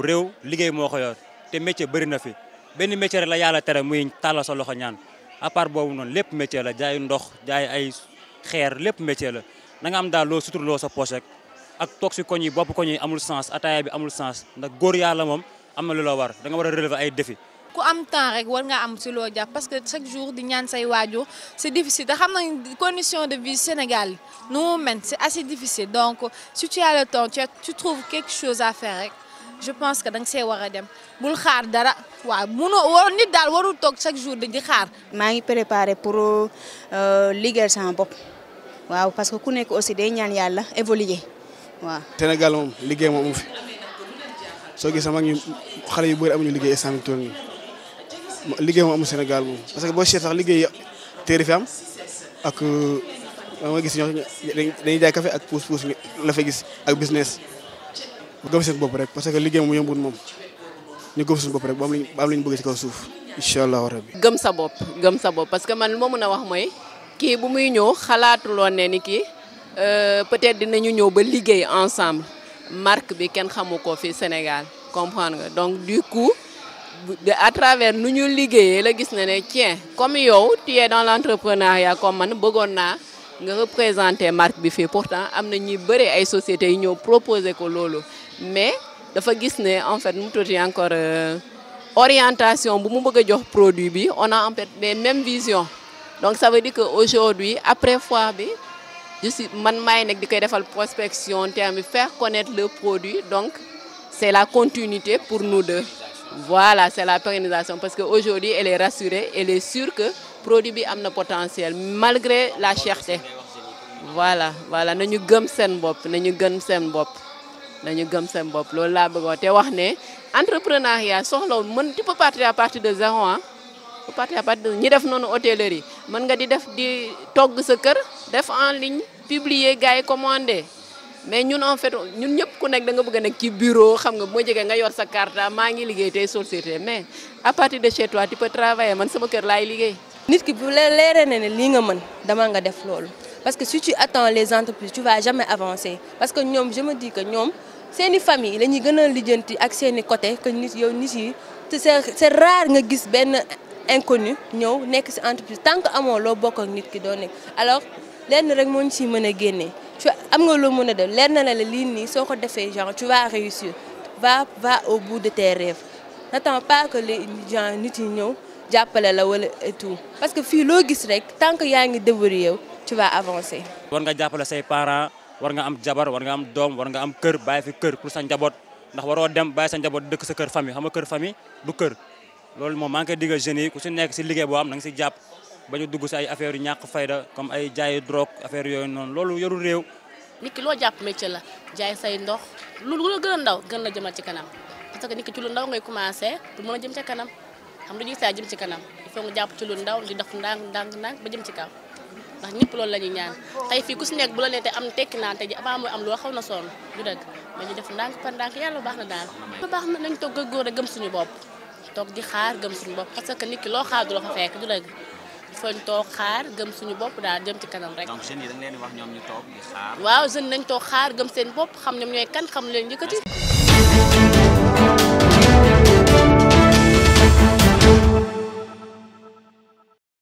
réew liggéey moo ko yor te métier bëri na fi benn métier la yàlla tere muy tàllal sa loxo ñaan à boobu noonu lépp métier la jaay ndox jaay ay xeer lépp métier la na am daal loo suturloo sa poche rek ak toog si koñ yi bopp koñ yi amul sens ataaya bi amul sens ndax góor yàlla moom am na lu la war da nga war ay defi ku am temps rek war nga am ci lo jàpp parce que chaque jour di ñaan say waju c'est difficile te xam nañ condition de vie Sénégal nous mu c'est assez difficile donc si tu as le temps tu tu trouves quelque chose à faire rek je pense que da nga see dem bul xaar dara wa munoo war nit dal waru tok chaque jour di xaar. ma ngi préparer pour euh, liggéeyal sans bop waaw parce que ku nekk aussi day ñaan yalla évoluer waaw. Sénégal mom liggéey mom amu fi so gis mag ñu xalé yu bëri amuñu liggéey instant bi Ligue moo au Sénégal parce que bo ci tax liggéey fi am ak ma euh, gis ñoo dañuy jaay café ak la fa gis ak business seen rek parce que je yombul mom ñu gëm seen bop rek bam lañu bëgg ci kaw suuf inshallah rabbi gëm sa bop gëm parce que man mo wax moy ki bu muy ñëw je ne ni euh, peut-être dinañu ñëw ba ensemble marque bi kenn fi Sénégal comprendre nga donc du coup à travers nous nous liggéeyee la gis comme yow tu es dans l'entrepreneuriat, comme man la nga marque pourtant nous ñi ñuy ay sociétés qui proposer ko mais dafa gis ne en fait mu encore euh, orientation bu mu bëgg jox produit bi on a en fait les mêmes visions donc ça veut dire qu'aujourd'hui, après foire bi je suis man may nek dikay koy defal prospection terme faire connaître le produit donc c'est la continuité pour nous deux voilà, c'est la pérennisation parce qu'aujourd'hui, elle est rassurée, elle est sûre que le produit a un potentiel malgré la cherté. Voilà, voilà, nous sommes sen bop, nous sommes sen bop. Nous sommes sen bop. C'est ce que tu peux partir à partir de zéro. Hein? Tu peux partir à partir de zéro. Nous partir une hôtellerie. Tu peux des de en ligne, publier, commander mais ñun en fait ñun ñëpp ku nekk da nga bëgg nekk ci bureau xam nga moo jege nga yor sa carte maa ngi liggéey tey société mais à partir de chez toi tu peux travailler man sama kër laay liggéey. nit ki bu leeree na ne lii nga mën dama nga def loolu parce que si tu attends les entreprises tu vas jamais avancer parce que ñoom je me dis que ñoom seeni famille la ñuy gën a lijjanti ak seeni côté que nit yow nit yi te c'est rare nga gis benn inconnu ñëw nekk si entreprise tant que amoo loo bokk ak nit ki doo nekk alors lenn rek moo ñu siy mën a génnee tu am nga loo mën a def leer la lii nii soo ko genre tu vas réussir va va au bout de tes rêves n'attends pas que les gens nit yi ñëw la wala et tout parce que fii loo gis rek tant que yaa ngi débrouillé yow tu vas avancer. war nga jàppale say parents war nga am jabar war nga am doom war nga am cœur, bàyyi fi cœur pour sa njaboot ndax waroo dem bàyyi sa njaboot dëkk sa kër famille xam nga kër famille du cœur. loolu moom maa ngi koy digal jeunes yi ku si nekk si liggéey boo am na nga si ba ñu dugg si ay affaire yu ñàkk fayda comme ay jaayi drogue affaire yooyu noonu loolu yoru réew. nit ki loo jàpp métier la jaay say ndox lu lu la gën a ndaw gën la jëmal ci kanam parce que nit ci lu ndaw ngay commencé pour mën a jëm ca kanam xam nga saa jëm ci kanam il jàpp ci lu ndaw di def ndànk ndànk ndànk ba jëm ci kaw ndax ñëpp loolu la ñuy ñaan tey fii ku si nekk bu la nee te am tekki naan te ji avant am loo xaw na sonn du dëgg ma ñu def ndànk par ndànk yàlla baax na daal. ba baax na nañ toog góor a gëm suñu bopp toog di xaar gëm suñu bopp parce que nikki loo xaar du la fa fekk du dëgg fañ toog xaar gëm suñu bopp daal jëm ci kanam rek. donc jeunes yi da wax ñoom ñu toog di waaw jeunes nañ toog xaar gëm seen bopp xam ñoom ñooy kan xam leen yëkkati.